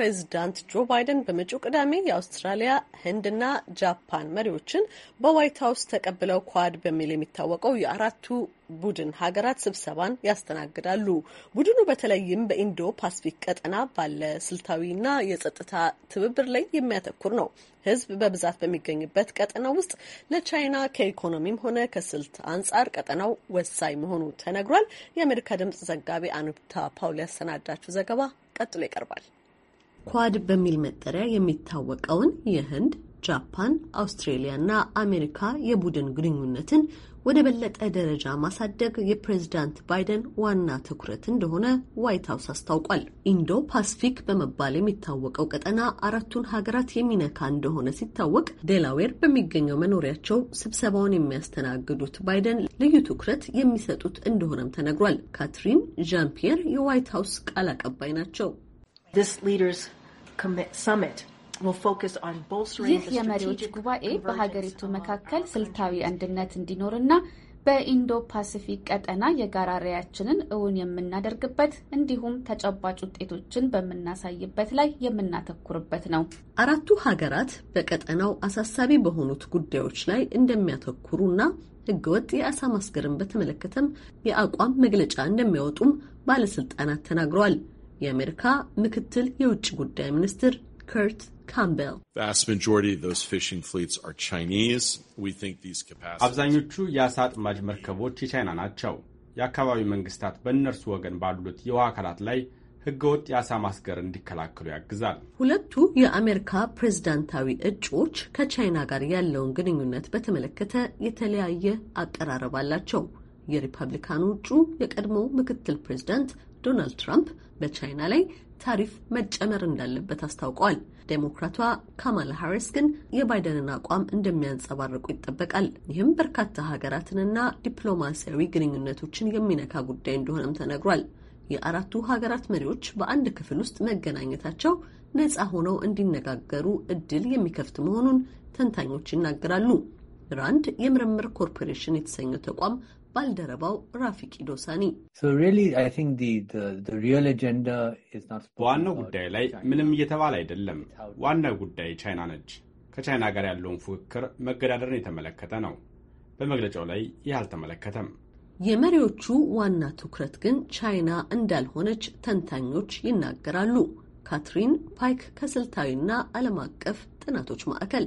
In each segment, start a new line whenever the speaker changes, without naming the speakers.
ፕሬዚዳንት ጆ ባይደን በመጪው ቅዳሜ የአውስትራሊያ ህንድና ጃፓን መሪዎችን በዋይት ሀውስ ተቀብለው ኳድ በሚል የሚታወቀው የአራቱ ቡድን ሀገራት ስብሰባን ያስተናግዳሉ። ቡድኑ በተለይም በኢንዶ ፓስፊክ ቀጠና ባለ ስልታዊና የጸጥታ ትብብር ላይ የሚያተኩር ነው። ህዝብ በብዛት በሚገኝበት ቀጠና ውስጥ ለቻይና ከኢኮኖሚም ሆነ ከስልት አንጻር ቀጠናው ወሳኝ መሆኑ ተነግሯል። የአሜሪካ ድምጽ ዘጋቢ አኑታ ፓውል ያሰናዳችው ዘገባ ቀጥሎ ይቀርባል። ኳድ በሚል መጠሪያ የሚታወቀውን የህንድ፣ ጃፓን፣ አውስትሬሊያ እና አሜሪካ የቡድን ግንኙነትን ወደ በለጠ ደረጃ ማሳደግ የፕሬዝዳንት ባይደን ዋና ትኩረት እንደሆነ ዋይት ሀውስ አስታውቋል። ኢንዶ ፓስፊክ በመባል የሚታወቀው ቀጠና አራቱን ሀገራት የሚነካ እንደሆነ ሲታወቅ፣ ዴላዌር በሚገኘው መኖሪያቸው ስብሰባውን የሚያስተናግዱት ባይደን ልዩ ትኩረት የሚሰጡት እንደሆነም ተነግሯል። ካትሪን ዣን የዋይት ሀውስ ቃል አቀባይ ናቸው። This leaders summit ይህ የመሪዎች
ጉባኤ በሀገሪቱ መካከል ስልታዊ አንድነት እንዲኖርና በኢንዶ ፓሲፊክ ቀጠና የጋራ ራዕያችንን እውን የምናደርግበት እንዲሁም ተጨባጭ ውጤቶችን በምናሳይበት ላይ የምናተኩርበት
ነው። አራቱ ሀገራት በቀጠናው አሳሳቢ በሆኑት ጉዳዮች ላይ እንደሚያተኩሩና ሕገወጥ የአሳ ማስገርን በተመለከተም የአቋም መግለጫ እንደሚያወጡም ባለስልጣናት ተናግረዋል። የአሜሪካ ምክትል የውጭ ጉዳይ ሚኒስትር ከርት ካምቤል
አብዛኞቹ የአሳ አጥማጅ መርከቦች የቻይና ናቸው። የአካባቢ መንግስታት በእነርሱ ወገን ባሉት የውሃ አካላት ላይ ህገወጥ የአሳ ማስገር እንዲከላከሉ ያግዛል።
ሁለቱ የአሜሪካ ፕሬዝዳንታዊ እጩዎች ከቻይና ጋር ያለውን ግንኙነት በተመለከተ የተለያየ አቀራረብ አላቸው። የሪፐብሊካኑ እጩ የቀድሞ ምክትል ፕሬዚዳንት ዶናልድ ትራምፕ በቻይና ላይ ታሪፍ መጨመር እንዳለበት አስታውቀዋል። ዴሞክራቷ ካማላ ሃሪስ ግን የባይደንን አቋም እንደሚያንጸባርቁ ይጠበቃል። ይህም በርካታ ሀገራትንና ዲፕሎማሲያዊ ግንኙነቶችን የሚነካ ጉዳይ እንደሆነም ተነግሯል። የአራቱ ሀገራት መሪዎች በአንድ ክፍል ውስጥ መገናኘታቸው ነጻ ሆነው እንዲነጋገሩ እድል የሚከፍት መሆኑን ተንታኞች ይናገራሉ። ራንድ የምርምር ኮርፖሬሽን የተሰኘው ተቋም ባልደረባው ራፊቅ ኢዶሳኒ
በዋናው ጉዳይ ላይ ምንም እየተባለ አይደለም። ዋናው ጉዳይ ቻይና ነች። ከቻይና ጋር ያለውን ፉክክር መገዳደርን የተመለከተ ነው። በመግለጫው ላይ ይህ አልተመለከተም።
የመሪዎቹ ዋና ትኩረት ግን ቻይና እንዳልሆነች ተንታኞች ይናገራሉ። ካትሪን ፓይክ ከስልታዊና ዓለም አቀፍ ጥናቶች ማዕከል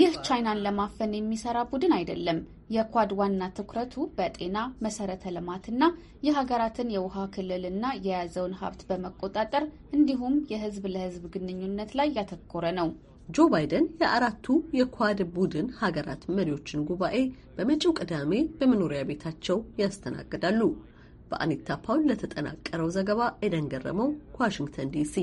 ይህ
ቻይናን ለማፈን የሚሰራ ቡድን አይደለም። የኳድ ዋና ትኩረቱ በጤና መሰረተ ልማትና የሀገራትን የውሃ ክልልና የያዘውን ሀብት በመቆጣጠር እንዲሁም የህዝብ ለህዝብ ግንኙነት ላይ ያተኮረ ነው። ጆ ባይደን የአራቱ
የኳድ ቡድን ሀገራት መሪዎችን ጉባኤ በመጪው ቅዳሜ በመኖሪያ ቤታቸው ያስተናግዳሉ። በአኒታ ፓውል ለተጠናቀረው ዘገባ ኤደን ገረመው ከዋሽንግተን ዲሲ